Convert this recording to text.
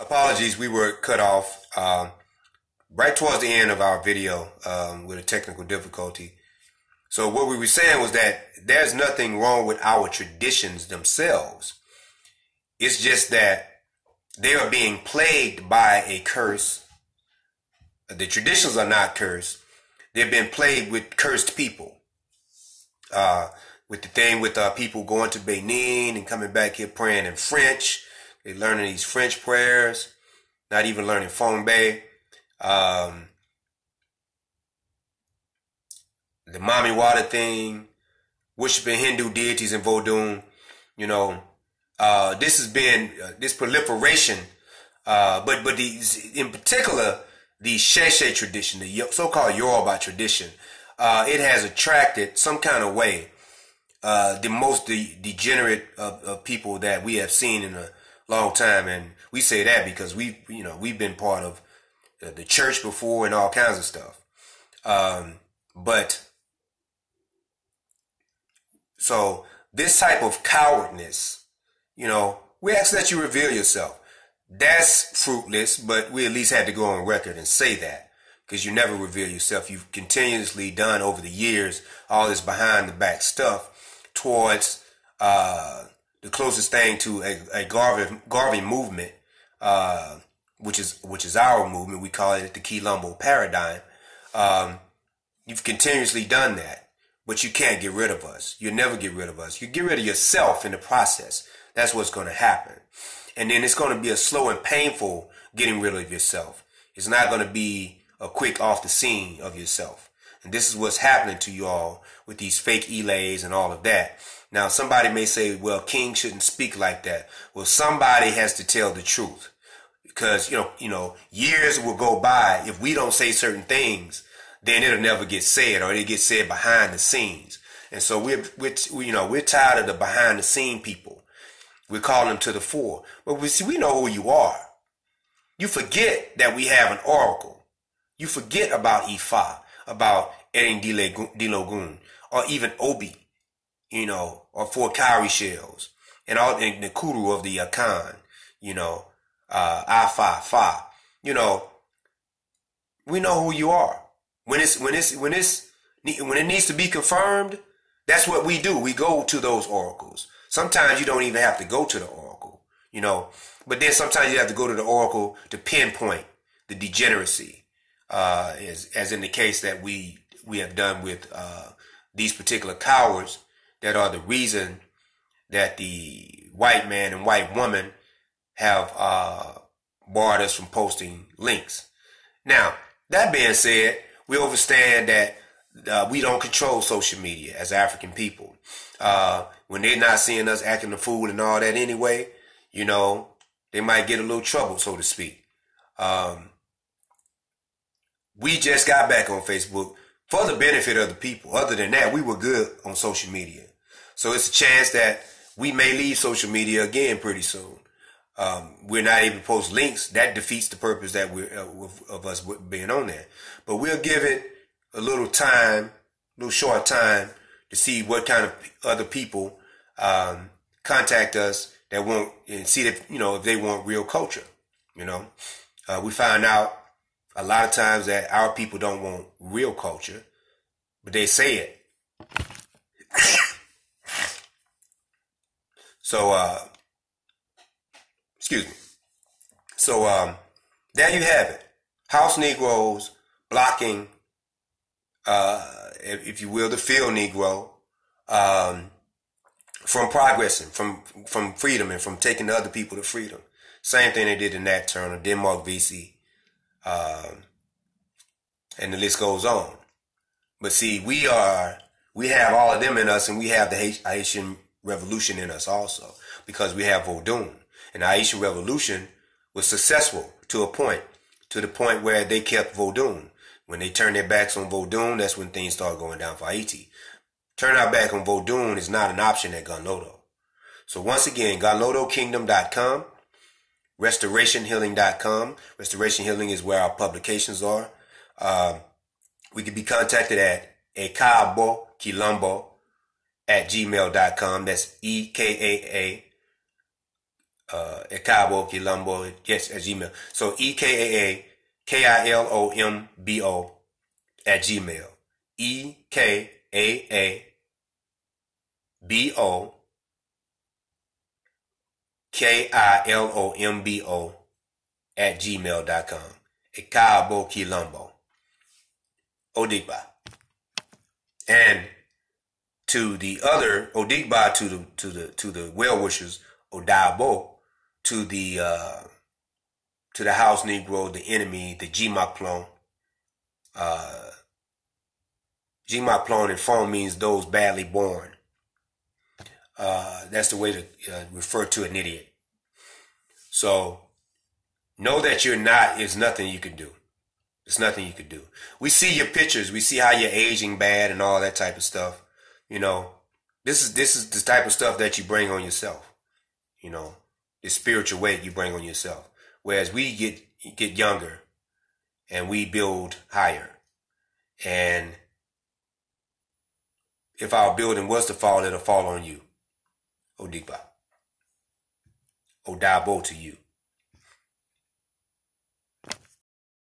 Apologies, we were cut off um, right towards the end of our video um, with a technical difficulty. So what we were saying was that there's nothing wrong with our traditions themselves. It's just that they are being plagued by a curse. The traditions are not cursed. They've been plagued with cursed people. Uh, with the thing with uh, people going to Benin and coming back here praying in French they learning these French prayers, not even learning Fongbe. Um, the mommy water thing, worshiping Hindu deities in Vodun. You know, uh, this has been uh, this proliferation, uh, but but these in particular the Sheshe tradition, the so-called Yoruba tradition, uh, it has attracted some kind of way uh, the most de- degenerate of, of, people that we have seen in the long time, and we say that because we, you know, we've been part of the church before and all kinds of stuff. Um, but so this type of cowardness, you know, we ask that you reveal yourself. That's fruitless, but we at least had to go on record and say that because you never reveal yourself. You've continuously done over the years all this behind the back stuff towards uh, the closest thing to a, a Garvey Garvey movement, uh, which is which is our movement. We call it the Key Lumbo paradigm. Um, you've continuously done that, but you can't get rid of us. You'll never get rid of us. You get rid of yourself in the process. That's what's going to happen, and then it's going to be a slow and painful getting rid of yourself. It's not going to be a quick off the scene of yourself. And this is what's happening to you all with these fake elays and all of that. Now, somebody may say, well, King shouldn't speak like that. Well, somebody has to tell the truth because, you know, you know, years will go by. If we don't say certain things, then it'll never get said or it'll get said behind the scenes. And so we're, we're you know, we're tired of the behind the scene people. We're calling to the fore. But we see, we know who you are. You forget that we have an oracle. You forget about Ifa about Erin DeLogun or even Obi, you know, or four Kyrie shells and all the Kuru of the Akan, uh, you know, uh, I Fa Fa, you know, we know who you are. When it's when it's when it's when it needs to be confirmed, that's what we do. We go to those oracles. Sometimes you don't even have to go to the oracle, you know, but then sometimes you have to go to the oracle to pinpoint the degeneracy uh, as, as in the case that we we have done with uh, these particular cowards that are the reason that the white man and white woman have uh, barred us from posting links. Now, that being said, we understand that uh, we don't control social media as African people. Uh, when they're not seeing us acting the fool and all that anyway, you know, they might get a little trouble, so to speak. Um, we just got back on Facebook for the benefit of the people. Other than that, we were good on social media. So it's a chance that we may leave social media again pretty soon. Um, we're not able to post links. That defeats the purpose that we're of, uh, of, us being on there. But we'll give it a little time, a little short time to see what kind of other people um, contact us that want and see that you know if they want real culture. You know, uh, we found out a lot of times that our people don't want real culture, but they say it. so, uh, excuse me. So, um, there you have it. House Negroes blocking, uh, if, if you will, the field Negro, um, from progressing, from, from freedom and from taking the other people to freedom. Same thing they did in that Turner, Denmark VC, um, and the list goes on. But see, we are we have all of them in us, and we have the Haitian Revolution in us also, because we have Vodun. And the Haitian Revolution was successful to a point, to the point where they kept Vodun. When they turned their backs on Vodun, that's when things started going down for Haiti. Turn our back on Vodun is not an option at Gunlodo. So once again, GunlodoKingdom.com restorationhealing.com. Restoration Healing is where our publications are. Um, we can be contacted at ekabo at gmail.com. That's E K A A uh Ekabo kilombo Yes, at Gmail. So E K A A K I L O M B O at Gmail. E K A A B O K I L O M B O at gmail.com. Ekabo Kilombo. Odigba. And to the other Odigba to the to the to the well wishers, Odabo, to the uh, to the house Negro, the enemy, the Gmaplon. Uh Gmaplon in phone means those badly born. Uh, that's the way to uh, refer to an idiot. So know that you're not is nothing you can do. It's nothing you could do. We see your pictures. We see how you're aging bad and all that type of stuff. You know, this is this is the type of stuff that you bring on yourself. You know, the spiritual weight you bring on yourself. Whereas we get get younger, and we build higher. And if our building was to fall, it'll fall on you. Odipa. Odabo to you.